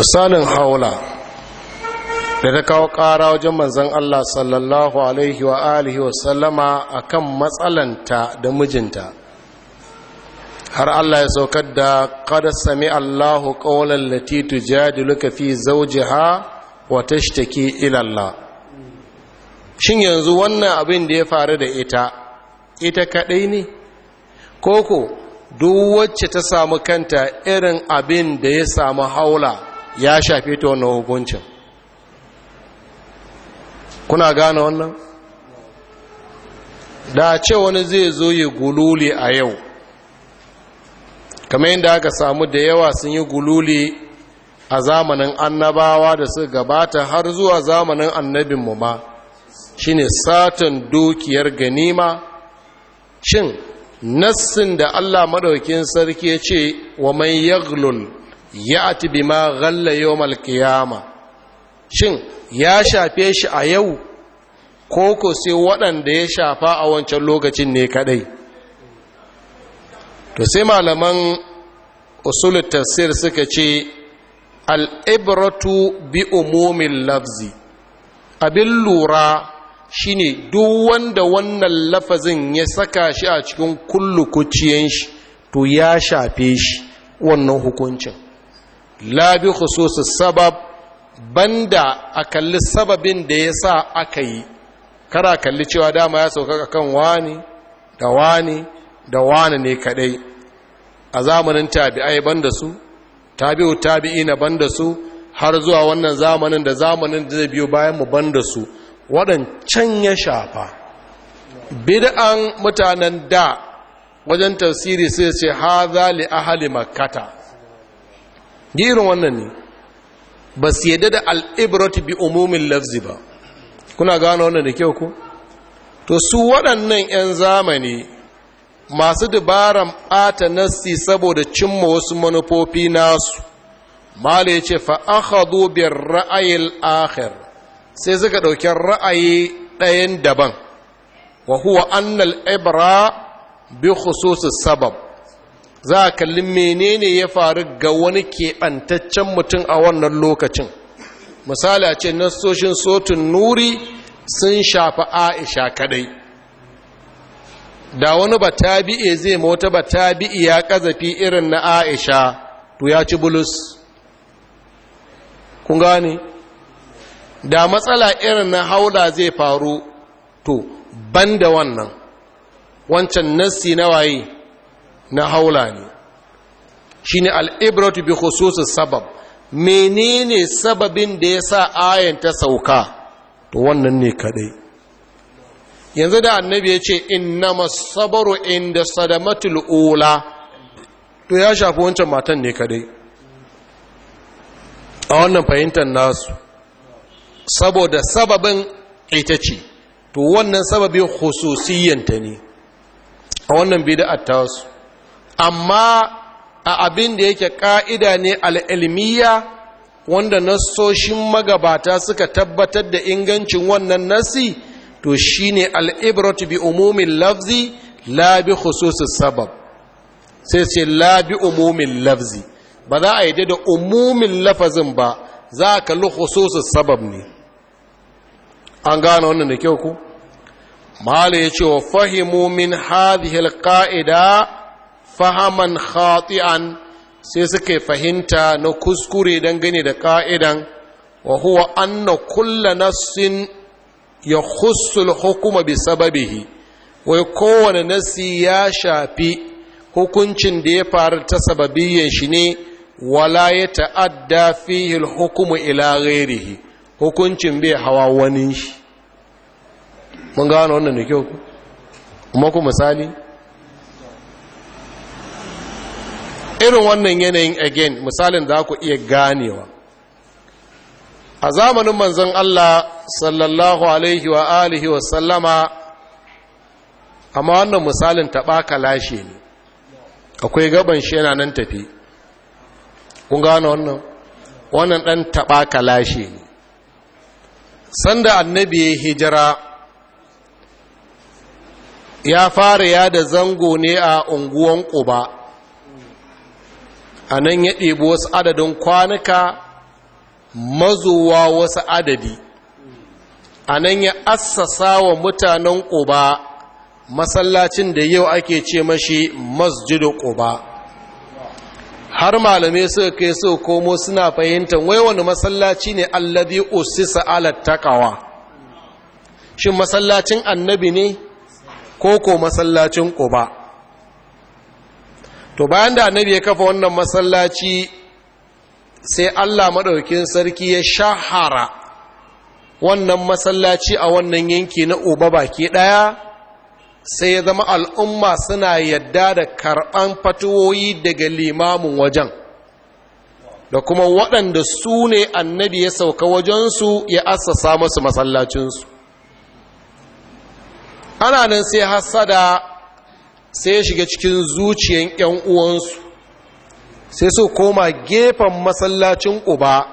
misalin haula da ta kawo ƙara wajen manzan Allah sallallahu alaihi wa alihi wa sallama a kan matsalanta da mijinta har Allah ya saukar da kada sami Allahu ƙaunar latitu jadiluka fi zaujiha wa tashtaki ilalla shin yanzu wannan abin da ya faru da ita ita kaɗai ne koko duk wacce ta samu kanta irin abin da ya samu haula ya shafe ta wannan hukuncin kuna gane wannan da ce wani zai zo ya gululi a yau kamar yadda aka samu da yawa sun yi gululi a zamanin annabawa da su gabata har zuwa zamanin annabinmu ma shine satan dukiyar ganima shin nassin da allah maɗaukin sarki ya ce wa mai yaglul ya'ti bima ghalla yawmal qiyama shin ya shafe shi a yau ko ko sai waɗanda ya shafa a wancan lokacin ne kadai to sai malaman usulul tafsir suka ce al-ibratu bi umumil lafzi abin lura shine duk wanda wannan lafazin ya saka shi a cikin kullu kuciyen shi to ya shafe shi wannan hukuncin labi khususu sabab banda a kalli sababin da ya sa aka yi kara kalli cewa dama ya sauka kan wani da wani da wani ne kadai a zamanin tabi'ai banda su tabi'u tabi'ina banda su har zuwa wannan zamanin da zamanin da zai biyo bayan mu banda su waɗancan ya shafa bid'an mutanen da wajen tafsiri sai ce haza li ahali makata. girin wannan ne ba su yadda da al'ibratu bi umumin lafzi ba kuna gano wannan da kyau ku to su waɗannan 'yan zamani masu dabaran ɓata nassi saboda cimma wasu manufofi nasu mala ya ce fa'akhadu bin ra'ayin akhir sai suka ɗauki ra'ayi ɗayan daban wa huwa annal ibra bi khususus sabab za a kalli menene ya faru ga wani keɓantaccen mutum a wannan lokacin misali a ce nassoshin sotun nuri sun shafi aisha kadai da wani ba batabi'e zai mota ba batabi'i ya kazafi irin na aisha to ya ci bulus kun gane da matsala irin na haula zai faru to ban da wannan wancan nassi na waye na haula ne shi ne al'ibratu bi khususin sabab menene sababin da ya sa ayan ta sauka to wannan ne kadai yanzu da annabi ya ce innama masabaru inda sadamatul ula to ya shafi wancan matan ne kadai a wannan fahimtar nasu saboda sababin ita ce to wannan sababin khususiyanta ne a wannan bidan tasu amma a abin da yake ƙa'ida ne al'ilmiya wanda nasoshin magabata suka tabbatar da ingancin wannan nasi to shi ne al'ibratu bi umumin lafzi labi khususus sabab sai ce labi umumin lafzi ba za a yi da umumin lafazin ba za a kalli khususus sabab ne an gane wannan da kyau ku mahala ya ce wa fahimomin min hadhil ƙa'ida fahaman khati'an sai suke fahimta na kuskure dangane da ka'idan wa huwa anna kulla nassin ya khussul hukuma bi sababihi wai kowane nassi ya shafi hukuncin da ya faru ta sababiyyar shi ne wala ya ta'adda fihi hukumu ila ghairihi hukuncin bai hawa wani shi mun gano wannan da kyau kuma ku misali irin wannan yanayin again misalin za ku iya ganewa a zamanin manzon Allah sallallahu alaihi wa alihi wa sallama amma wannan misalin ka lashe ne akwai gaban shi yana nan tafi kun gane wannan wannan ɗan ka lashe ne sanda annabi ya hijira ya fara yada zango ne a unguwan ƙuba a nan ya ɗebi wasu adadin kwanuka mazuwa wasu adadi a nan ya assasa wa mutanen ƙuba masallacin da yau ake ce mashi masjidu ƙuba har malamai suka kai su komo suna fahimtar wai wani masallaci ne allabi usisa ala takawa shin masallacin annabi ne ko ko masallacin ƙuba? to bayan da annabi ya kafa wannan masallaci sai Allah maɗaukin sarki ya shahara wannan masallaci a wannan yanki na uba baki ɗaya sai ya zama al'umma suna yadda da karɓan fatuwoyi daga limamin wajen da kuma waɗanda su ne annabi ya sauka wajensu ya assasa masu masallacinsu ana nan sai hasada sai ya shiga cikin zuciyan 'yan uwansu sai su koma gefen masallacin ƙuba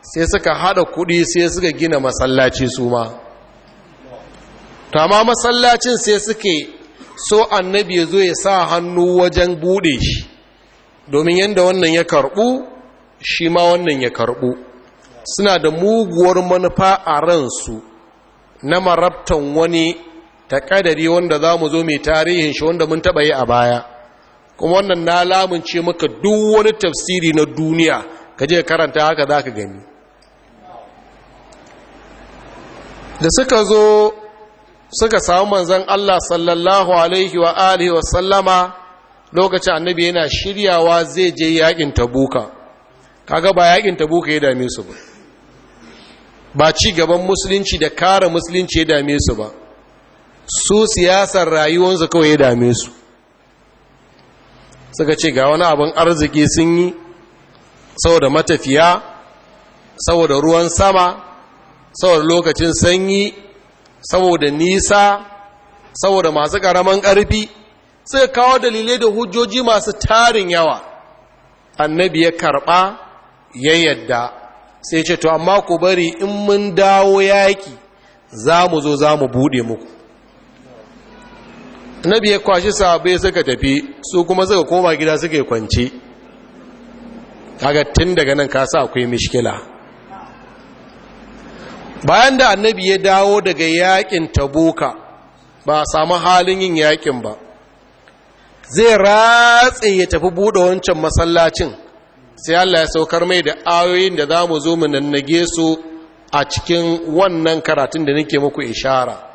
sai suka haɗa kuɗi sai suka gina masallaci su ma tama masallacin sai suke so annabi ya zo ya sa hannu wajen buɗe shi domin yadda wannan ya karbu shi ma wannan ya karɓu suna da muguwar manufa a ransu na marabtan wani ta kadari wanda za mu zo mai tarihin shi wanda mun taɓa yi a baya kuma wannan na lamunce maka duk wani tafsiri na duniya ka je karanta haka za ka gani da suka zo suka samu manzan Allah sallallahu alaihi wa alihi wa sallama lokacin annabi yana shiryawa zai je yakin tabuka kaga ba yakin tabuka ya dame su ba ba ci gaban musulunci da kare musulunci ya dame su ba su siyasar rayuwarsu kawai ya dame su suka ce ga wani abin arziki sun yi saboda matafiya saboda ruwan sama saboda lokacin sanyi saboda nisa saboda masu ƙaramin ƙarfi sai kawo dalilai da hujjoji masu tarin yawa annabi ya karɓa ya yadda sai ce to amma ku bari in mun dawo yaƙi za mu zo za mu buɗe muku nabi ya kwashi sahabai suka tafi su kuma suka koma gida suka kwance kaga tun daga nan ka sa akwai mishkila bayan da annabi ya dawo daga yakin tabuka ba a samu halin yin yakin ba zai ratse ya tafi buɗe wancan masallacin sai Allah ya saukar mai da ayoyin da za mu zo mu nannage su a cikin wannan karatun da nake muku ishara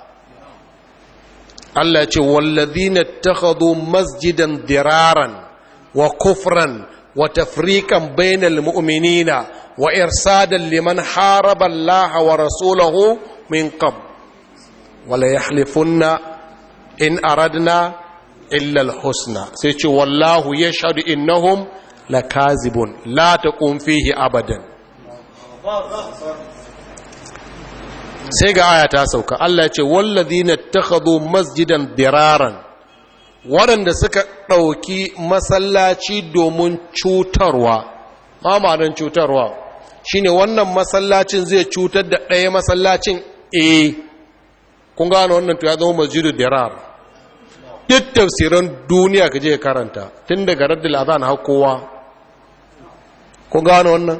Allah ya ce wallazina takhadhu masjidan diraran wa kufran wa tafriqan bainal mu'minina wa irsadan liman haraba Allah wa rasulahu min qab wala yahlifunna in aradna illa al-husna sai ce wallahu yashhadu innahum lakazibun la taqum fihi abadan sai ga aya ta sauka Allah ya ce wallazina takhadhu masjidan diraran waɗanda suka ɗauki masallaci domin cutarwa ma'anar cutarwa shine wannan masallacin zai cutar da ɗaya masallacin eh kun gano wannan to ya zama masjidu dirar duk tafsiran duniya ka je karanta tun daga raddul azan har kowa kun gano wannan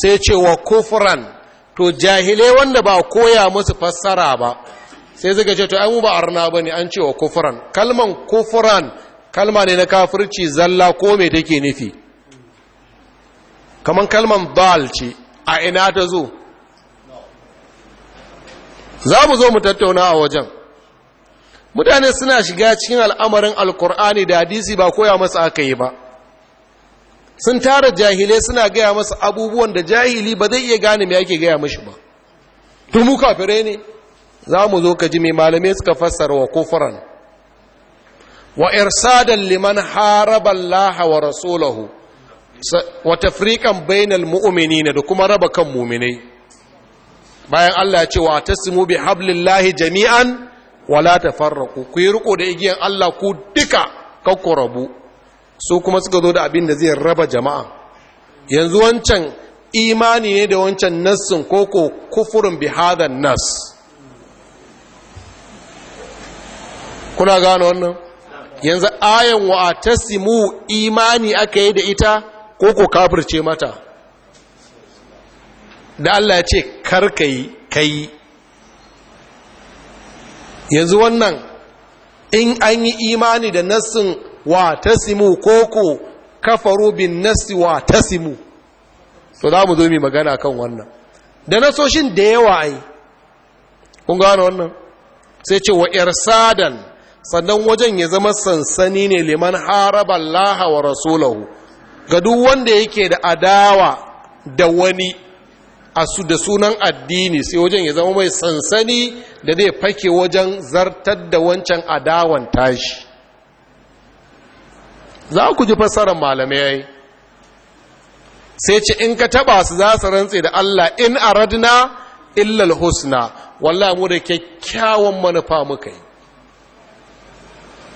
sai ce wa kufran to jahilai wanda ba koya musu fassara ba sai zai ce to ai arna ba ne bane an cewa kufran kalman kufran kalma ne na kafirci zalla ko me take nufi kaman kalman dal ce a ina ta zo za mu zo mu tattauna a wajen mutane suna shiga cikin al'amarin alkur'ani da hadisi ba koya masa aka yi ba sun tara jahilai suna gaya masa abubuwan da jahili ba zai iya gane mai ake gaya mashi ba tumu kafirai ne za mu zo ka ji mai malamai suka fassara wa kofaran wa irsadan liman haraba Allah wa rasulahu wa tafriqan bainal mu'minina da kuma raba kan mu'minai bayan Allah ya ce wa tasmu bi hablillahi jami'an wala tafarraqu ku yi riko da igiyan Allah ku duka kakku rabu su kuma suka zo da abin da zai raba jama'a yanzu wancan imani ne da wancan nassin koko kufurin bihadan nas kuna gano wannan yanzu ayan wa a tasimu imani aka yi da ita koko kafirce mata da Allah ya ce karkai kai yanzu wannan in an yi imani da nassin wa tasimu koko kafaru bin nasi wa tasimu so za mu zo mai magana kan wannan da nasoshin da yawa ai kun gano wannan sai ce wa irsadan sannan wajen ya zama sansani ne liman haraba Allah wa rasulahu ga duk wanda yake da adawa da wani su da sunan addini sai wajen ya zama mai sansani da zai fake wajen zartar da wancan adawan tashi za ku ji fassarar malamai yayi sai ce in ka taba su za su rantse da Allah in aradna illal husna wallahi mu da kyakkyawan manufa muka yi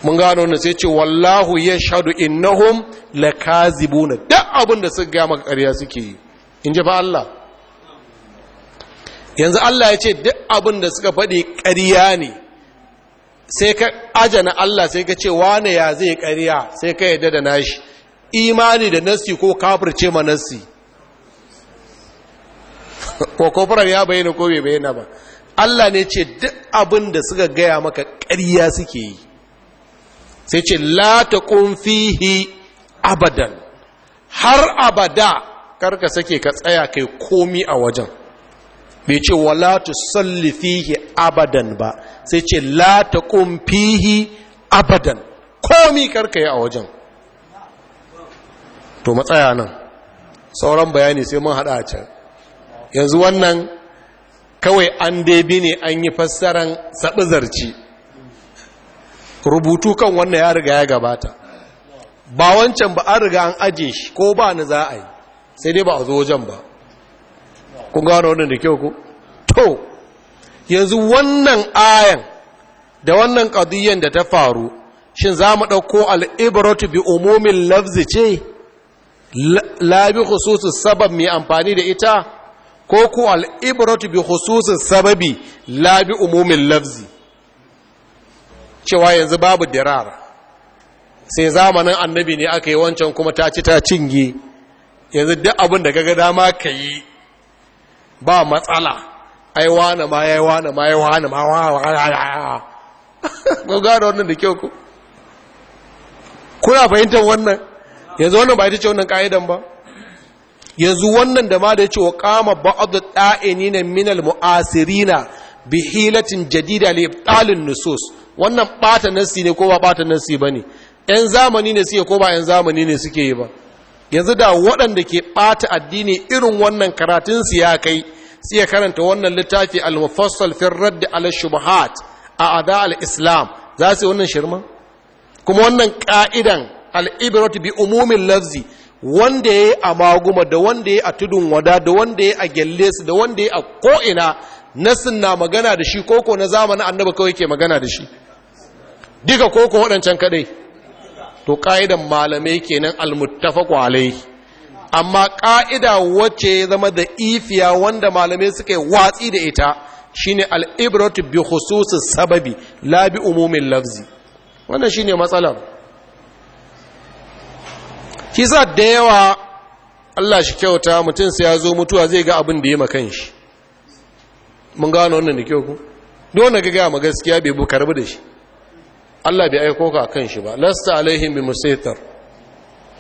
mun gano wannan sai ce wallahu yashhadu innahum lakazibuna duk abin da suka ga maka suke yi in ji fa Allah yanzu Allah ya ce duk abin da suka faɗi ƙarya ne sai ka ajana Allah sai ka ce wane ya zai ƙarya sai ka yadda da nashi imani da nassi ko ce ma nassi ko kofarar ya bayyana ko bai bayyana ba Allah ne ce duk abin da suka gaya maka karya suke yi sai ce la ta fihi abadan har abada karka sake ka tsaya kai komi a wajen bai ce wala tu salli fihi abadan ba sai ce la taqum fihi abadan komi karka yi a wajen to matsaya nan sauran bayani sai mun hada a can yanzu wannan kawai an debi ne an yi fassaran zarci rubutu kan wannan ya riga ya gabata ba wancan ba an riga an aje shi ko ba ni za a yi sai dai ba a zo wajen ba kun gano wannan da kyau ku to yanzu wannan ayan da wannan ƙadiyyar da ta faru shin za mu ɗauko al'ibaratu bi umumin lafzi ce labi hususun sabab mai amfani da ita ko ku al'ibaratu bi hususun sababi labi umumin lafzi cewa yanzu babu dirara sai zamanin annabi ne aka yi wancan kuma ta ci ta cinye yanzu duk abin da gaga dama ka yi ba matsala ai wane ma ya wane ma ya wane ma wane ko wane wannan da kyau ku kuna fahimtar wannan yanzu wannan ba ita ce wannan ka'idan ba yanzu wannan da ma da ya ce wa kama ba'adu ɗa'ini na minal mu'asirina bi hilatin jadida li ibtalin nusus wannan ɓata nasi ne ko ba bata nasi bane yan zamani ne suke ko ba yan zamani ne suke yi ba yanzu da waɗanda ke ɓata addini irin wannan karatun su ya kai sai ya karanta wannan littafi al-mufassal fi radd ala shubuhat a ada al-islam za su wannan shirma kuma wannan ka'idan al-ibrat bi umumin lafzi wanda yayi a maguma da wanda yayi a tudun wada da wanda yayi a su da wanda yayi a ko'ina nasin na magana da shi koko na zamanin annabi kawai ke magana da shi duka koko wadancan kadai to ka'idan malamai kenan al-muttafaq alayhi amma ƙa'ida wacce ya zama da ifiya wanda malamai suka watsi da ita shine al'ibratu bi khususus sababi labi umumin lafzi wannan shine matsalar kisa da yawa Allah shi kyauta mutum sai ya zo mutuwa zai ga abin da ya makan shi mun gano wannan da kyau ku dole ga gaya ma gaskiya bai bukar da shi Allah bai aiko ka kan shi ba lasta alaihim bi musaitar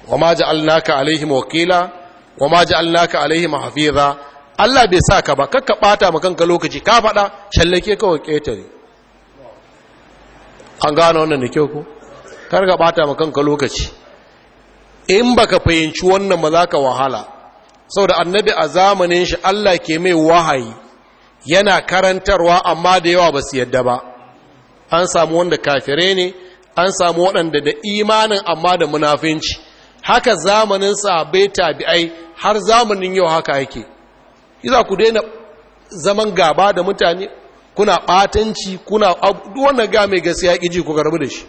wa ma ja'alnaka alaihim wakila wa ma ja'alnaka alaihim hafiza Allah bai sa ka ba kakka bata ma kanka lokaci ka faɗa shallake kawai ketare an gano wannan da kyau ko kar ka bata ma kanka lokaci in baka fahimci wannan ba za ka wahala saboda annabi a zamanin shi Allah ke mai wahayi yana karantarwa amma da yawa ba su yadda ba an samu wanda kafire ne an samu waɗanda da imanin amma da munafinci haka zamanin sa bai tabi'ai har zamanin yau haka yake iza ku daina zaman gaba da mutane kuna batanci kuna wannan ga mai gaskiya kiji ku garbu da shi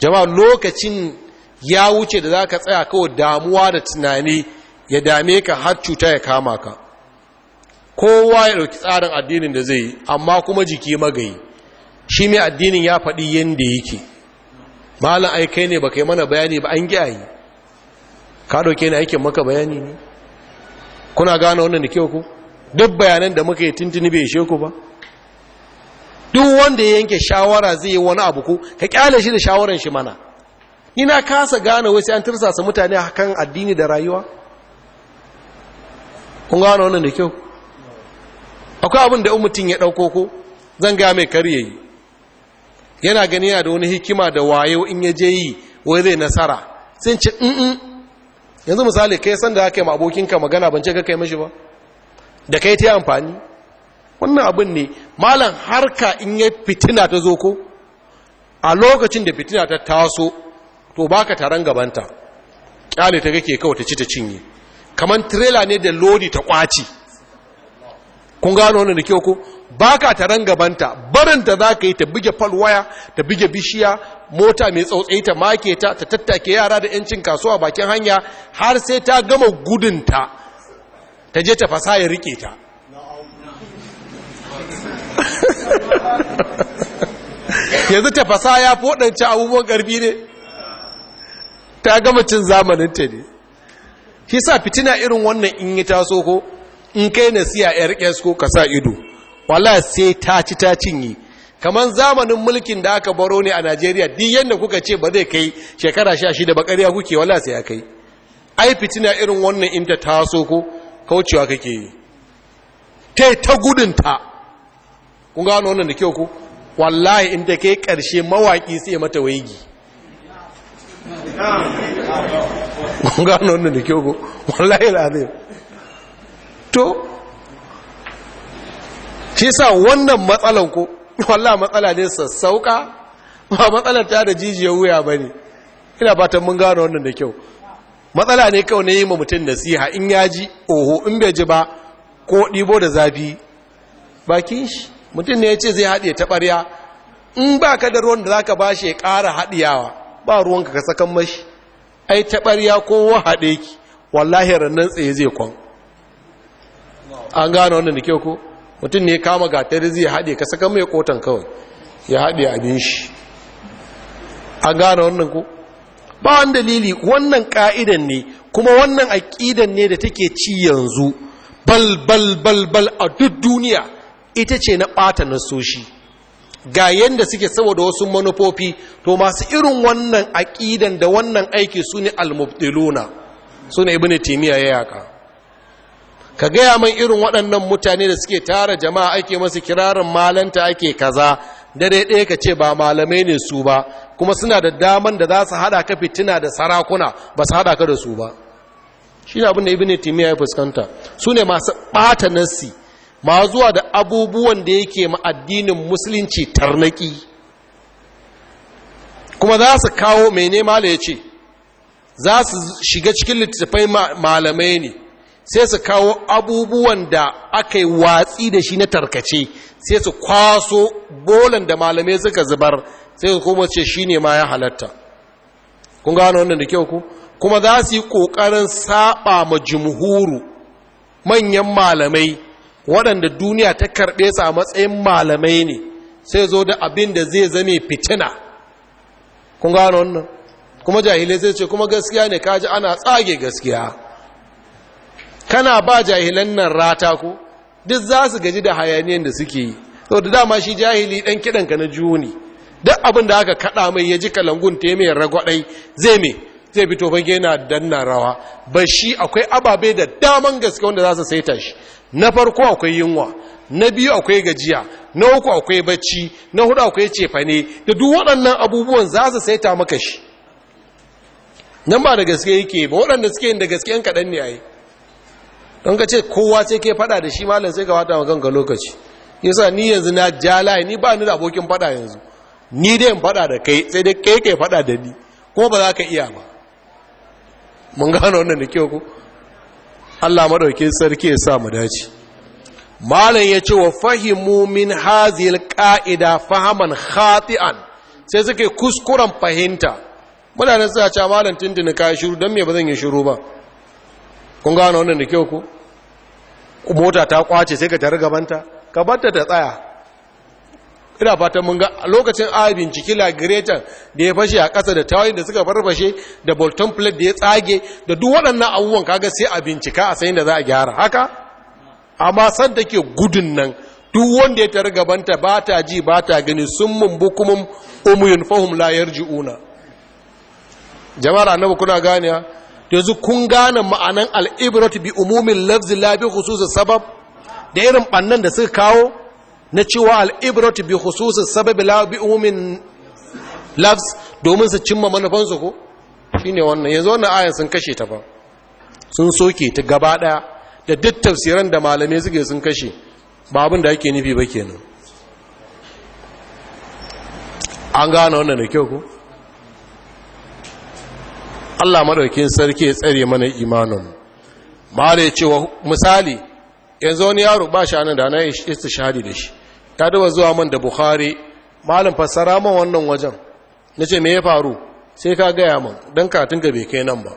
jama'a lokacin ya wuce da zaka tsaya kawai damuwa da tunani ya dame ka har cuta ya kama ka kowa ya dauki tsarin addinin da zai yi amma kuma jiki magayi shi mai addinin ya faɗi yanda yake malam ai kai ne baka yi mana bayani ba an giyayi ka dauke ni aikin maka bayani ne kuna gane wannan da kyau ku duk bayanan da muka yi tuntuni bai ishe ku ba duk wanda ya yanke shawara zai yi wani abu ko ka kyale shi da shawaran shi mana Ina kasa gane wasu an su mutane kan addini da rayuwa kun gane wannan da kyau akwai abin da in mutum ya ɗauko ko zan ga mai kariyayi yana gani yana da wani hikima da wayo in ya je yi wai zai nasara sun ce in yanzu misali kai san da aka yi abokinka magana ban ce ka kai mashi ba da kai ta yi amfani wannan abin ne malam harka in ya fitina ta zo ko a lokacin da fitina ta taso to baka taron gabanta kyale ta kake kawai ta ci ta cinye kamar trailer ne da lodi ta kwaci kun gano wannan da kyau ko ba ka taron gabanta barinta za ka yi ta buge falwaya ta buge bishiya mota mai tsautsai ta make ta ta tattake yara da 'yancin kasuwa bakin hanya har sai ta gama gudunta ta je ta fasa ya rike ta yanzu ta fasa ya fi abubuwan ƙarfi ne ta gama cin zamaninta ne shi sa fitina irin wannan in yi taso ko in kai na siya 'yar ko ka sa ido wala sai ta ci ta cinye kamar zamanin mulkin da aka baro ne a najeriya din yadda kuka ce ba zai kai shekara sha shida ba ƙarya kuke wala sai ya kai ai fitina irin wannan in ta taso ko kaucewa kake yi ta yi ta gudunta kun gano wannan da kyau ko wallahi in ta kai ƙarshe mawaƙi sai mata waigi kun gano wannan da kyau ko wallahi lazim to shi sa wannan matsalan ko wallah matsala ne sassauka ba matsalar ta da jijiya wuya ba ne ina fatan mun gano wannan da kyau matsala ne kawai na yi ma mutum nasiha in ya ji oho in bai ji ba ko ɗibo da zafi bakin shi mutum ne ya ce zai haɗe taɓarya in ba ka da ruwan da za ka ba shi ya ƙara haɗiyawa ba ruwanka ka sakan mashi ai taɓarya ko wahaɗe ki wallahi nan tsaye zai kwan an gano wannan da kyau ko mutum ne kama gatari zai haɗe ka saka mai kotan kawai ya haɗe abin shi an gane wannan ku ba wani dalili wannan ƙa'idan ne kuma wannan aƙidan ne da take ci yanzu bal bal bal bal a duk duniya ita ce na ɓata nasoshi ga yadda suke saboda wasu manufofi to masu irin wannan aƙidan da wannan aiki su ne almubdiluna su ne ibini timiya ya yaka ka gaya man irin waɗannan mutane da suke tara jama'a ake masu kirarin malanta ake kaza dare ɗaya ka ce ba malamai ne su ba kuma suna da daman da za su haɗa ka fitina da sarakuna ba su haɗa ka da su ba shi ne abin da ne timiya ya fuskanta su ne masu ɓata nasi, ma zuwa da abubuwan da yake ma addinin musulunci tarnaki kuma za su kawo mai nema da ya ce za su shiga cikin littattafai malamai ne sai su kawo abubuwan da aka yi watsi da shi na tarkace sai su kwaso bolan da malamai suka zubar sai su kuma ce shi ne ma ya halatta kun gano wannan da kyau ku kuma za su yi ƙoƙarin saɓa ma jumhuru manyan malamai waɗanda duniya ta karɓe su a matsayin malamai ne sai zo da abin da zai zame fitina kun gano wannan kuma jahilai zai ce kuma gaskiya ne kaji ana tsage gaskiya kana ba jahilan nan rata ko duk za su gaji da hayaniyan da suke yi to da dama shi jahili dan kidan ka na juni duk abin da aka kada mai ya ji kalangun te mai ragwadai zai me zai fito fage na danna rawa ba shi akwai ababe da daman gaske wanda za su saita shi na farko akwai yunwa na biyu akwai gajiya na uku akwai bacci na hudu akwai cefane da duk waɗannan abubuwan za su saita maka shi nan ba da gaske yake ba waɗanda suke yin da gaske yan kaɗan ne a yi don ka ce kowa sai ke fada da shi malam sai ka wata maganka lokaci yasa ni yanzu na jalaye ni ba ni da abokin fada yanzu ni dai in fada da kai sai dai kai kai fada da ni kuma ba za ka iya ba mun gano wannan da kyau ko Allah madauke sarki ya sa mu dace malam ya ce wa fahimu min hazil qa'ida fahaman khati'an sai suke kuskuren fahimta mutanen suna cewa malam tindini ka shiru don me ba zan yi shiru ba kun gano wannan da kyau ku mota ta kwace sai ka tare gabanta ka batta ta tsaya ina fatan mun ga lokacin a binciki lagiretan da ya fashe a ƙasa da tawayin da suka farfashe da bolton plate da ya tsage da duk waɗannan abubuwan kaga sai a bincika a sayin da za a gyara haka amma san take gudun nan duk wanda ya tare gabanta ba ta ji ba ta gani sun mun kuma umuyin fahim la yarji'una jama'ar annabi kuna ganiya yanzu kun gane ma'anan al'ibrat bi umumin lafzi labi hususun sabab da irin ɓannan da suka kawo na cewa al'ibrat bi hususun sabab labi umumin lafz domin su cimma manufansu ko shi ne wannan yanzu wannan ayan sun kashe ta ba sun soke ta gaba ɗaya da duk tafsiran da malamai suke sun kashe ba abin da ake nufi ba kenan an gane wannan da kyau ko Allah madaukin sarki ya tsare mana imanin mare cewa misali yanzu wani yaro ba shi anan da na istishhadi da shi ta dawo zuwa man da bukhari malam fassara man wannan wajen nace me ya faru sai ka gaya man dan katin ga bai kai nan ba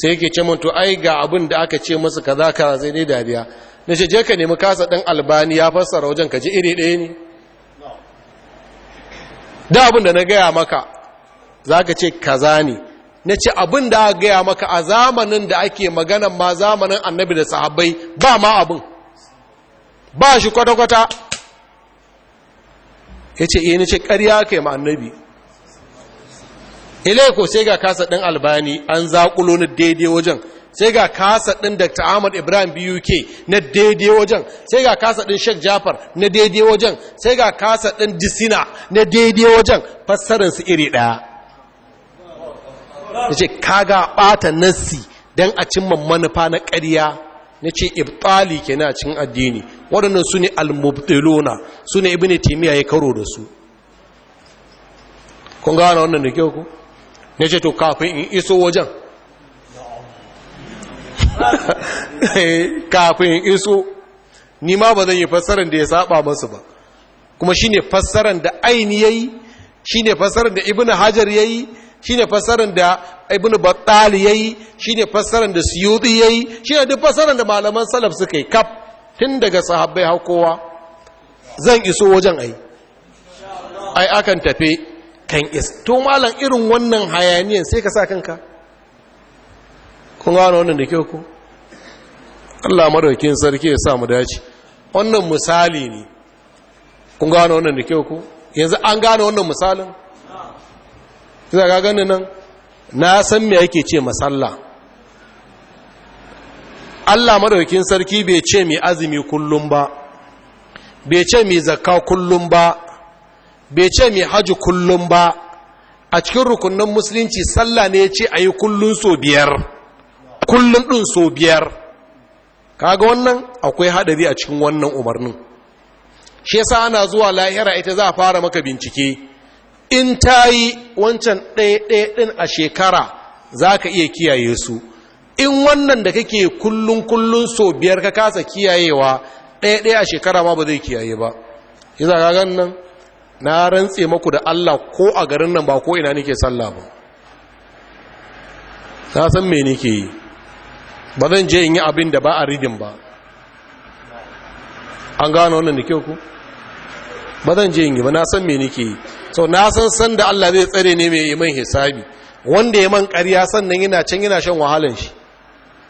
sai yake ce man to ai ga abin da aka ce musu kaza ka zai ne dariya nace je ka nemi kasa dan albani ya fassara wajen ka ji iri ɗaya ne da abin da na gaya maka zaka ce kaza ne na ce abin da aka gaya maka a zamanin da ake maganan ma zamanin annabi da sahabbai ba ma abin ba shi kwata-kwata ya ce iya eh, ce ƙarya ka yi ma annabi ilaiko sai ga kasa ɗin albani an zaƙulo na daidai wajen sai ga kasa ɗin dr ahmad ibrahim buk na daidai wajen sai ga kasa ɗin sheikh jafar na daidai wajen sai ga kasa ɗin jisina na daidai wajen fassarinsu iri ɗaya ya ce kaga ɓata nassi don a cimma manufa na ƙarya na ce ibtali ke na cin addini waɗannan su ne almubtilona su ne ne timiya ya karo da su kun gane wannan da kyau ku na ce to kafin in iso wajen kafin in iso ni ma ba zan yi fassarar da ya saba masu ba kuma shi ne fassarar da aini shi ne fassarar da na hajar ya yi. shine fassarar da ibnu yi, yayi shine fassarar da yi, yayi shine duk fassarar da malaman salaf suka yi kaf tun daga sahabbai har kowa zan iso wajen ai ai akan tafe kan is to malam irin wannan hayaniyan sai ka sa kanka kun gano wannan da kyau ko Allah madaukin sarki ya sa mu dace wannan misali ne kun gano wannan da kyau ko yanzu an gano wannan misalin za ga gani nan na san me yake ce masalla Allah madaukin sarki bai ce mai azumi kullum ba bai ce mai zakka kullum ba bai ce mai haji kullum ba a cikin rukunin musulunci sallah ne ya ce a yi kullum so biyar kullum ɗin so biyar kaga wannan akwai haɗari a cikin wannan umarnin shi yasa ana zuwa lahira ita za a fara maka bincike in ta yi wancan ɗaya-ɗaya ɗin a shekara za ka iya kiyaye su in wannan da kake kullum-kullum so biyar ka kasa kiyayewa ɗaya-ɗaya a shekara ma ba zai kiyaye ba iza gan nan na rantse maku da Allah ko a garin nan ba ko ina nike sallah ba na san me nake yi ba zan je in yi abin da ba a ridin ba an gano wannan da kyau ku ba zan je in yi ba na san me nake yi so na san san da Allah zai tsare ne mai iman hisabi wanda ya man ƙarya sannan yana can yana shan wahalan shi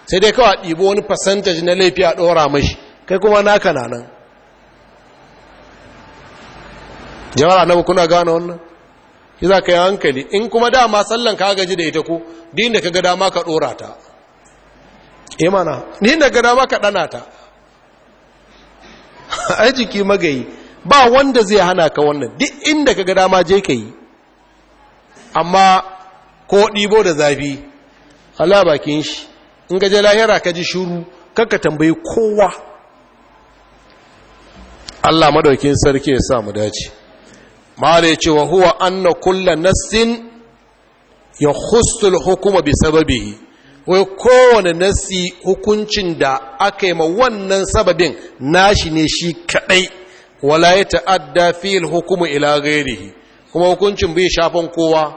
sai dai kawai ɗibo wani percentage na laifi a ɗora mashi kai kuma naka na nan jama'ar annabi kuna gane wannan shi za ka yi hankali in kuma dama sallan ka gaji da ita ko din da ka ga dama ka ɗora ta imana eh din da ga dama ka ɗana ta a jiki magayi ba wanda zai hana ka wannan duk inda ka ga dama je ka yi amma ko ɗibo da zafi alabakin shi in gaje lahira ka ji shuru kanka tambayi kowa Allah madaukin sarki ya sa mu dace mala ya ce huwa anna kulla nassin ya hustul hukuma bi sababihi wai kowane nassi hukuncin da aka yi ma wannan sababin nashi ne shi kaɗai? wala ya ta'adda fil hukumu ila ghairihi kuma hukuncin bai shafan kowa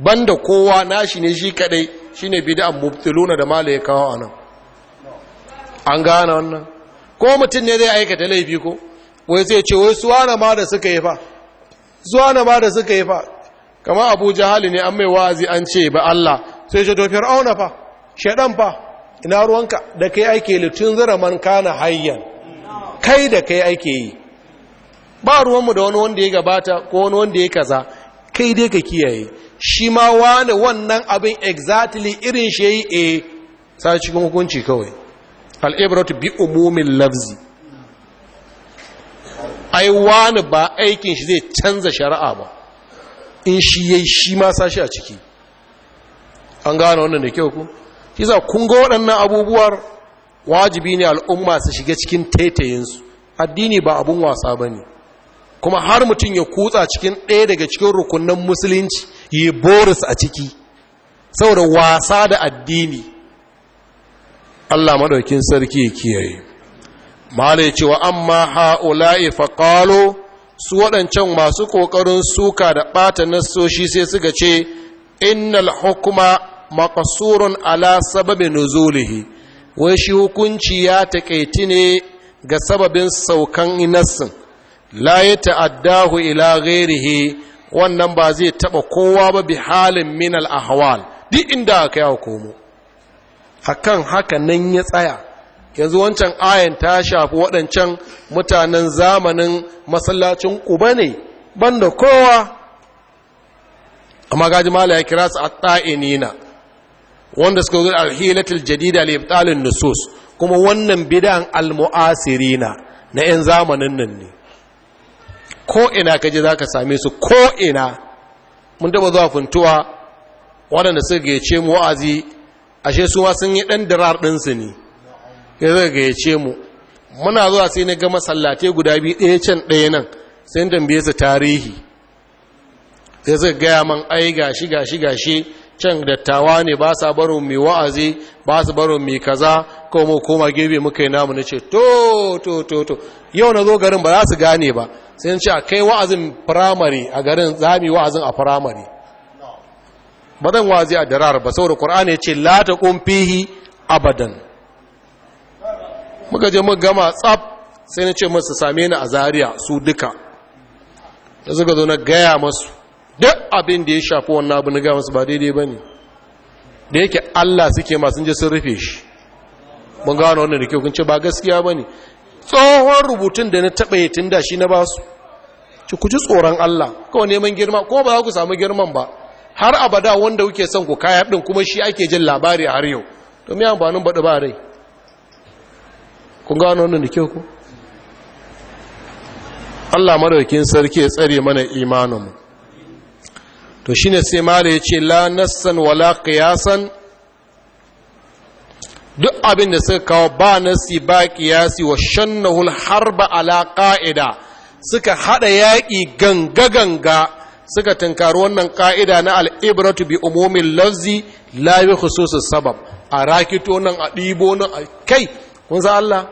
banda kowa nashi ne shi kadai shine bid'an mubtiluna da mala ya kawo anan an gane wannan ko mutum ne zai aikata laifi ko wai zai ce wai suwana ma da suka yi fa suwana ma da suka yi fa kama abu jahali ne an mai wazi an ce ba Allah sai ce to fir'auna fa shedan fa ina ruwanka da kai aike litun zira man kana hayyan kai da kai ake yi ba ruwanmu da wani wanda ya gabata ko wani wanda ya kaza kai dai ka kiyaye shi ma wani wannan abin exactly irin shi yi a eh, sa cikin hukunci kawai al'ibratu bi umumin lafzi ai wani ba aikin shi zai canza shari'a ba in shi yi shi ma sashi a ciki an gane wannan da kyau ku kisa kun ga waɗannan abubuwar wajibi ne al'umma su shiga cikin taitayinsu addini ba abun wasa ba ne kuma har mutum ya kutsa cikin ɗaya daga cikin rukunan musulunci ya boris a ciki saboda wasa da addini Allah maɗaukin sarki ya kiyaye mala ya wa amma ha'ula'i faƙalo su waɗancan masu ƙoƙarin suka da ɓata nassoshi sai suka ce innal hukuma maƙasurun ala sababin nuzulihi wai shi hukunci ya taƙaiti ne ga sababin saukan inassin la ya ta'addahu ila ghairihi wannan ba zai taɓa kowa ba bi halin min al-ahwal duk inda aka yawo komo hakan haka nan ya tsaya yanzu wancan ayan ta shafi waɗancan mutanen zamanin masallacin Uba ne banda kowa amma gaji mala ya kira su a ta'inina wanda suka zo alhilatul jadida li ibtalin nusus kuma wannan bid'an almu'asirina na yan zamanin nan ne ko ina kaje zaka same su ko ina mun da zuwa funtuwa waɗanda suka gayyace mu wa'azi ashe su ma sun yi ɗan dirar ɗinsu ne ya zai gayyace mu muna zuwa sai na ga masallatai guda biyu ɗaya can ɗaya nan sai tambaye su tarihi sai suka gaya man ai gashi gashi gashi can dattawa ne ba sa baro mai wa'azi ba su baro mai kaza ko mu koma gebe muka yi namu na ce to to to to yau na zo garin ba za su gane ba sai ce a kai wa'azin firamare a garin za mu yi wa'azin a firamare ba zan wa'azi a darar ba saboda ƙur'ani ya ce la ta fihi abadan muka je muka gama tsaf sai na ce musu same ni a Zariya su duka da suka zo na gaya masu duk abin da ya shafi wannan abu na gawansu masu ba daidai ba ne da yake allah suke masu je sun rufe shi mun gano wannan da kyau kun ce ba gaskiya ba ne tsohon rubutun da na taɓa yi tun da shi na basu ci ku ji tsoron allah ko neman girma ko ba za ku samu girman ba har abada wanda kuke son ku kaya ɗin kuma shi ake jin labari har yau to me amfanin baɗi ba rai kun gano wannan da kyau ku Allah madaukin sarki ya tsare mana imaninmu to shi ne sai mara ya ce la nassan wala qiyasan duk abin da suka kawo ba nasi ba qiyasi wa shannahul harba ala qa'ida suka hada yaƙi ganga ganga suka tunkari wannan ƙa'ida na al'ibratu bi umumin lafzi la bi khususus sabab a rakito nan a ɗibo nan a kai kun san Allah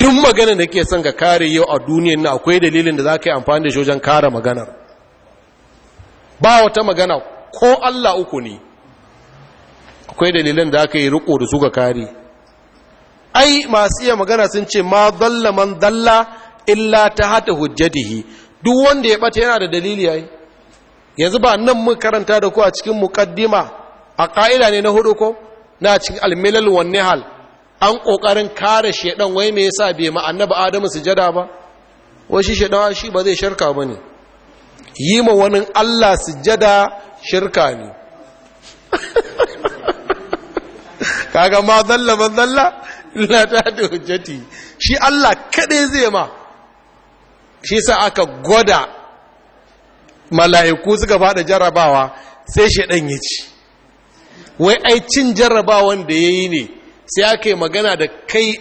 duk magana da ke son ka kare yau a duniyar na akwai dalilin da za ka yi amfani da shi wajen kare maganar ba wata magana ko Allah uku ne akwai dalilan da aka yi riko da su ga kare ai masu iya magana sun ce ma dalla man dalla illa ta hata hujjatihi duk wanda ya bata yana da dalili yanzu ba nan mun karanta da ku a cikin muqaddima a ka'ida ne na hudu ko na cikin almilal milal wan nihal an kokarin kare shedan wai me yasa bai ma annabi adamu sujada ba wai shi shedan shi ba zai sharka bane yi ma wani Allah sujada shirka ne kaga ma zalla man zalla na ta da hujjati shi Allah kaɗai zai ma shi sa aka gwada mala'iku suka bada jarabawa sai shedan ya ci wai ai cin jarabawan da yi ne sai aka yi magana da kai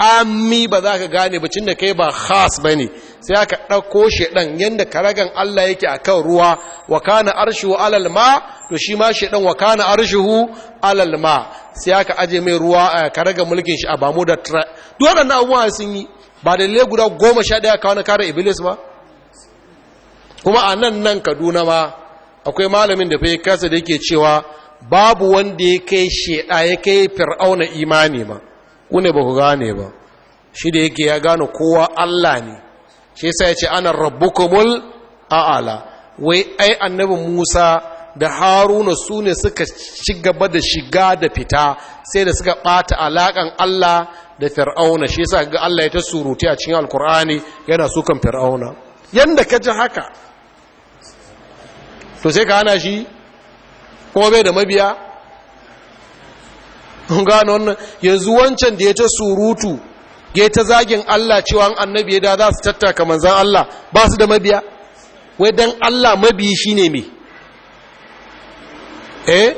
ammi ba za ka gane ba cin da kai ba khas ne. sai aka ɗauko shaidan yadda karagan Allah yake a kan ruwa wa kana arshihu alal ma to shi ma shaidan wa kana arshihu alal ma sai aka aje mai ruwa a karagan mulkin shi a bamu da tra duk waɗannan abubuwa sun yi ba da lalle guda goma sha ɗaya kawo na kare iblis ba kuma a nan nan kaduna ma akwai malamin da fai kasa da yake cewa babu wanda ya kai shaiɗa ya kai fir'auna imani ma ku ne ba ku gane ba shi da yake ya gane kowa Allah ne shi sai ce ana rabbukumul a'ala wai ai annabi Musa da Haruna su ne suka ci gaba da shiga da fita sai da suka bata alakan Allah da Fir'auna shi yasa ga Allah ya ta surutu a cikin Alkur'ani yana sukan Fir'auna yanda ka ji haka to sai ka hana shi kuma bai da mabiya gano wannan yanzu wancan da ya ta surutu ya ta zagin Allah cewa annabi ya da za su tattaka manzan Allah ba su da mabiya wai don Allah mabiyi shi ne mai eh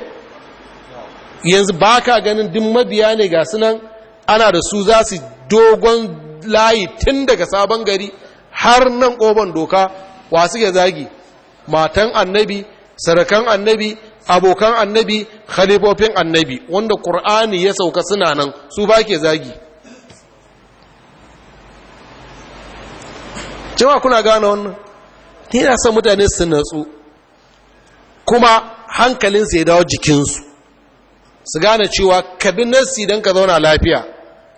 yanzu ba ka ganin din mabiya ne ga sunan ana da su za su dogon layi tun daga sabon gari har nan ƙoban doka wa suke zagi matan annabi sarakan annabi abokan annabi khalifofin annabi wanda ƙur'ani ya sauka suna nan su ba ke zagi jama'a kuna gane wannan Ni yana son mutane su natsu kuma hankalinsu ya dawo jikinsu su gane cewa kabin nassi don ka zauna lafiya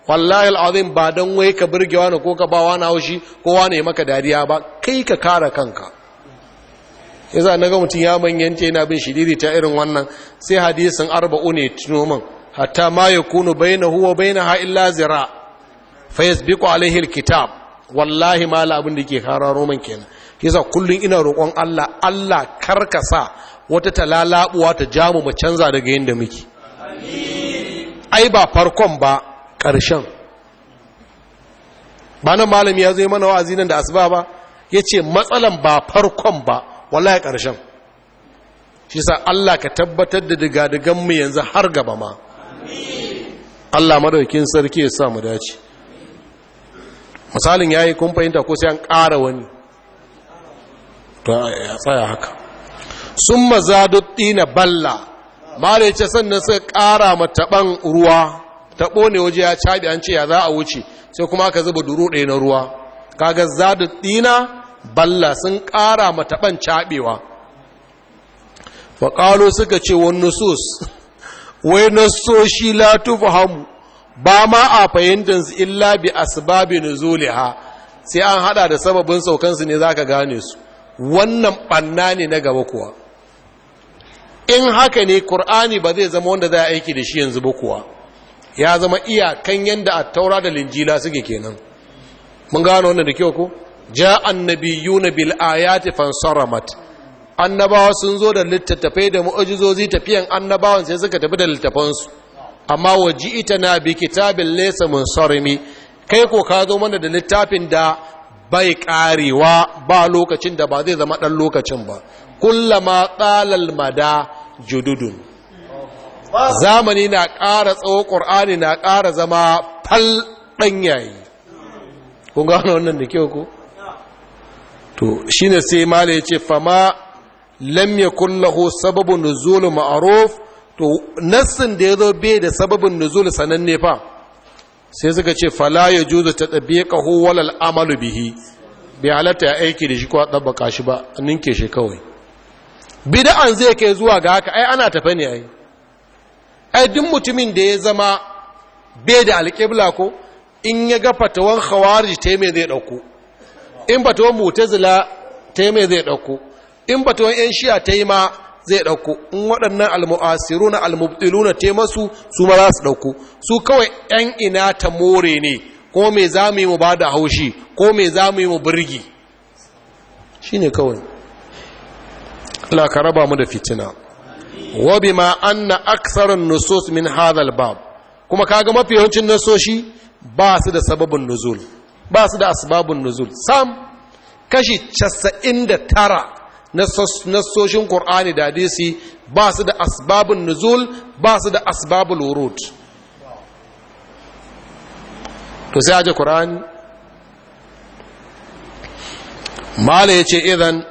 wallahi al'azim ba dan wai ka birge wani ko ka ba wani haushi ko wani ya maka dariya ba kai ka kara kanka yasa a naga mutum ya ce yana bin shiriri ta irin wannan sai hadisin arba'u ne tunoman hatta ma ya kunu bai na huwa bai na ha'illa zira fa yasbiku alaihi kitab wallahi la abin da ke kara roman kenan yasa kullum ina roƙon Allah Allah karkasa wata talalabuwa ta jamu mu canza daga yanda muke ai ba farkon ba ƙarshen ba nan malami ya zo mana wa'azi nan da asuba ba yace matsalan ba farkon ba wallahi ƙarshen shi Allah ka tabbatar da diga-digan mu yanzu har gaba ma Allah madaukin sarki ya sa mu dace misalin yayi kun fahimta ko sai an ƙara wani to ya tsaya haka sun mazadutti na balla mara ce sannan suka ƙara mataɓan ruwa taɓo ne waje ya caɓi an ce ya za a wuce sai kuma aka zuba duru ɗaya na ruwa kaga zadutti na balla sun ƙara mataɓan caɓewa faƙalo suka ce wani nusus wai nasoshi la tufahamu ba ma a fahimtar su illa bi asbabi nuzuliha sai an hada da sababin saukansu ne zaka gane su wannan banna ne na gaba kuwa in haka ne Kur'ani ba zai zama wanda za aiki da shi yanzu ba kuwa ya zama iya kan yadda a taura da linjila suke kenan mun gano wannan da kyau ko ja annabiyuna bil ayati fansaramat annabawa sun zo da littattafai da mu'ajizozi tafiyan annabawan sai suka tafi da littafansu amma waji ita na bi kitabin lesa mun sarimi kai ko ka zo mana da littafin da bai karewa ba lokacin da ba zai zama ɗan lokacin ba kullama qalal mada jududun zamani na ƙara tsawo ƙur'ani na ƙara zama fal ɗanyayi kun ga wannan da kyau ko? to shine sai mala ya ce fama lam yakullahu sababun nuzul ma'ruf to nassin da ya zo be da sababin nuzul sananne fa sai suka ce fala ya juzu ta tabiqahu wal amalu bihi bai halatta ya aiki da shi ko dabbaka shi ba ninke shi kawai bid'an zai kai zuwa ga haka ai ana tafe ne ai ai duk mutumin da ya zama be da alƙibla ko in ya ga fatawan khawarij ta me zai dauko in fatawan mu'tazila ta me zai dauko in fatawan yan shi'a ta yi ma zai ɗauko in waɗannan almu'asiru na almubtilu na te masu su ma za su ɗauko su kawai ‘yan ina ta more ne ko me za mu yi mu ba da haushi ko me za mu yi mu birgi shi ne kawai Allah ka mu da fitina ma an anna aksarin nusus min hadal bab kuma kaga mafi yawancin nasoshi ba su da sababin nuzul ba su da tara. nuzul sam kashi 99 Nasoshin ƙur'ani da hadisi ba su da asbabun nuzul ba su da asibabin wurud to sai aje ƙur'ani mala ya ce idan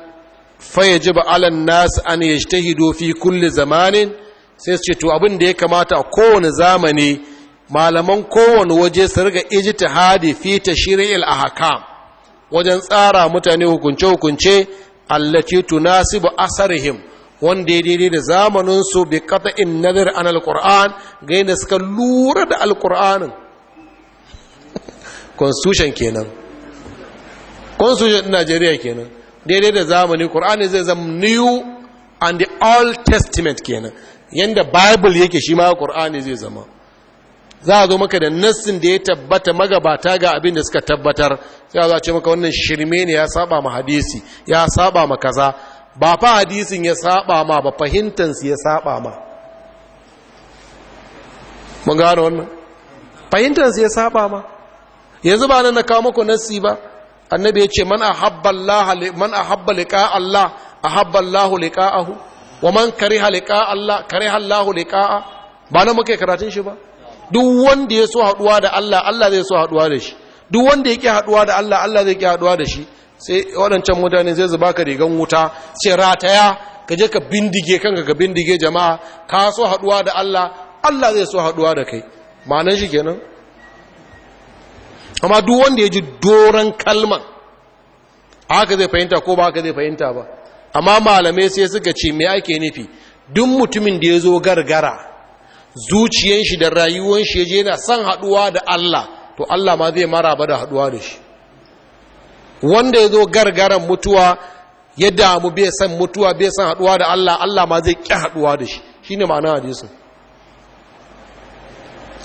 fayyaji ba alan nasu an ta fi kulle zamanin sai su ce to abin da ya kamata a kowane zamani malaman kowane waje su riga hadi fi a haka? wajen tsara mutane hukunce-hukunce allace tunasibu asarihim wanda ya daidai da zamaninsu bi in nazar an alkur'an ga yadda suka lura da alkur'anin constitution kenan constitution najeriya kenan daidai da zamani kur'ani zai zama new and the old testament kenan yadda bible yake shi ma kur'ani zai zama za a zo maka da nassin da ya tabbata magabata ga abin da suka tabbatar sai a ce maka wannan shirme ne ya saba ma hadisi ya saba ma kaza ba fa hadisin ya saba ma ba fahimtansu ya saba ma mun gano wannan fahimtansu ya saba ma yanzu ba nan na kawo muku nassi ba annabi ya ce man ahabba Allah man ahabba liqa Allah ahabba Allah liqa'ahu wa man kariha liqa Allah kariha Allah liqa'a ba nan muke karatun shi ba duk wanda ya so haduwa da Allah Allah zai so haduwa da shi duk wanda ya yake haduwa da Allah Allah zai ki haduwa da shi sai waɗancan mutane zai zuba ka rigan wuta sai rataya ka je ka bindige kanka ka bindige jama'a ka so haduwa da Allah Allah zai so haduwa da kai ma'anar shi kenan amma duk wanda ya ji doron kalman haka zai fahimta ko ba haka zai fahimta ba amma malamai sai suka ce me ake nufi duk mutumin da ya zo gargara zuciyen shi da rayuwan shi je yana son haduwa da Allah to Allah ma zai maraba da haduwa da shi wanda ya zo gargaran mutuwa ya damu bai san mutuwa bai san haduwa da Allah Allah ma zai ki haduwa da shi shine ma'ana hadisin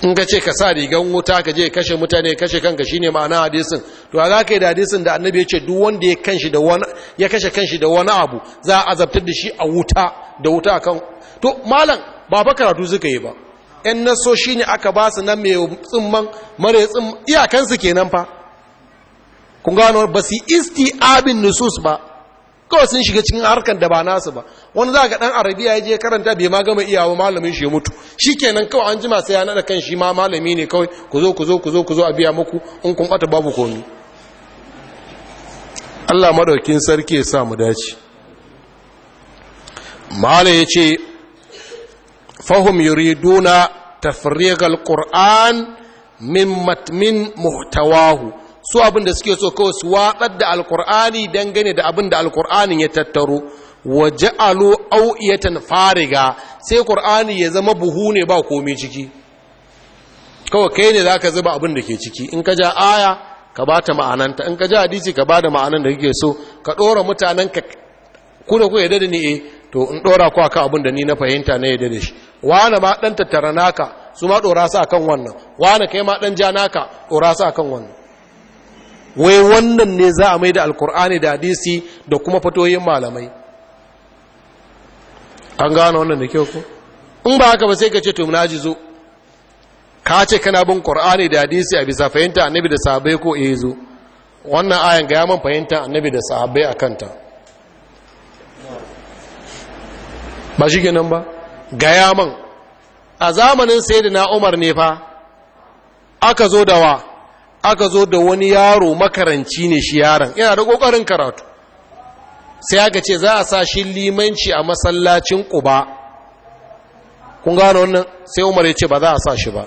in ka ce ka sa rigan wuta ka je kashe mutane kashe kanka shine ma'ana hadisin to za ka yi da hadisin da annabi ya ce duk wanda ya kanshi da wani ya kashe kanshi da wani abu za a azabtar da shi a wuta da wuta kan to malam ba fa karatu suka yi ba 'yan shi ne aka ba su nan mai tsumman mara tsumman iyakansu ke nan fa kun gano ba su isti abin nusus ba kawai sun shiga cikin harkar da ba nasu ba wani za ga ɗan arabiya ya je karanta bai ma gama iyawa malamin shi ya mutu shi ke nan kawai an jima sai ya naɗa kan shi ma malami ne kawai ku zo ku zo ku zo ku zo a biya muku in kun ɓata babu komi Allah madaukin sarki ya sa mu dace Malam ya ce fahim yuriduna tafrigal qur'an min muhtawahu su abin da suke so kawai su watsar da alkur'ani dangane da abin da alkur'anin ya tattaro wa ja'alu iyatan fariga sai qur'ani ya zama buhu ne ba komai ciki kawai kai ne zaka zuba abin da ke ciki in ka ja aya ka ba ta ma'ananta in ka ja hadisi ka ba da ma'anan da kake so ka dora mutanen ka kuna ku yadda ne eh to in dora ku akan abin da ni na fahimta na yadda da shi wani ma dan tattara naka su ma dora su akan wannan wani kai ma dan ja naka dora su akan wannan wai wannan ne za a mai da alkur'ani da hadisi da kuma fatoyin malamai an gano wannan da kyau ko in ba haka ba sai ka ce to na ji zo ka ce kana bin qur'ani da hadisi a bisa fahimta annabi da sahabbai ko eh zo wannan ayan ga ya man fahimta annabi da sahabbai ta ba shi ginin ba gaya man a zamanin da umar ne fa aka zo da wa aka zo da wani yaro makaranci ne shi yaron yana da kokarin karatu sai aka ce za a sa shi limanci a masallacin ƙuba kun gano wannan sai umar ya ce ba za a sa shi ba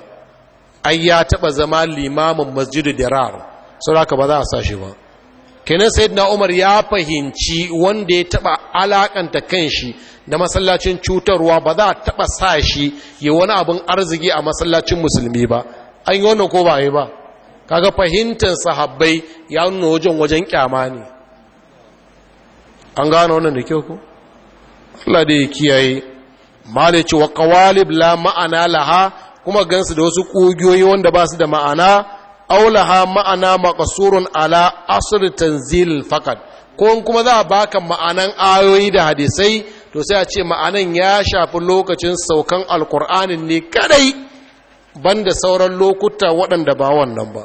ai ya taba zama limamin masjidu dirar saboda ba za a sa shi ba kenan na umar ya fahimci wanda ya taba alakanta kanshi da masallacin cutarwa ba za a taba sa shi ya wani abin arziki a masallacin musulmi ba an yi wannan ko ba ba kaga fahimtar sahabbai ya nuna wajen wajen kyama ne an gano wannan da kyau ko Allah da ya kiyaye malici wa qawalib la ma'ana laha kuma gansu da wasu kugiyoyi wanda ba su da ma'ana aulaha ma'ana maqsurun ala asr tanzil faqat ko kuma za a baka ma'anan ayoyi da hadisai to sai a ce ma'anan ya shafi lokacin saukan alkur'anin ne kadai banda sauran lokuta waɗanda ba wannan ba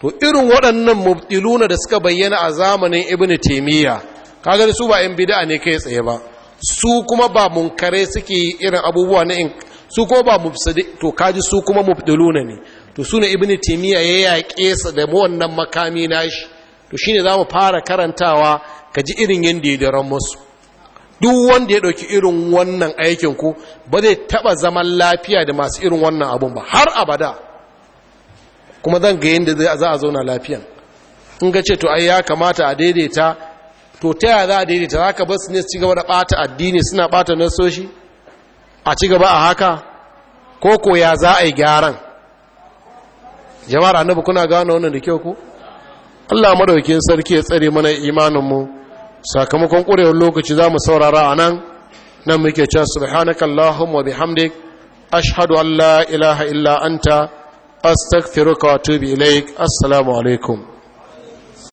to irin waɗannan mubtiluna da suka bayyana a zamanin ibnu taymiya kaga su ba yan bid'a ne kai tsaye ba su kuma ba munkare suke irin abubuwa na in su ko ba mufsidi to kaji su kuma mubtiluna ne to suna Ibn Timiya ya yaƙe su da wannan makami na shi to shi ne za mu fara karantawa ka ji irin yadda ya daren musu duk wanda ya ɗauki irin wannan aikin ku ba zai taɓa zaman lafiya da masu irin wannan abun ba har abada kuma zan ga yadda za a zauna lafiyan in ga ce to ai ya kamata a daidaita to ta yaya za a daidaita za ka basu ne su ci gaba da ɓata addini suna ɓata nasoshi a ci gaba a haka ko ko ya za a yi gyaran jama'ar annabi kuna gano wannan da kyau ku Allah madaukakin sarki ya tsare mana imanin mu sakamakon kurewar lokaci zamu saurara anan nan muke cewa subhanakallahumma bihamdik ashhadu an la ilaha illa anta astaghfiruka wa atubu ilaik assalamu alaikum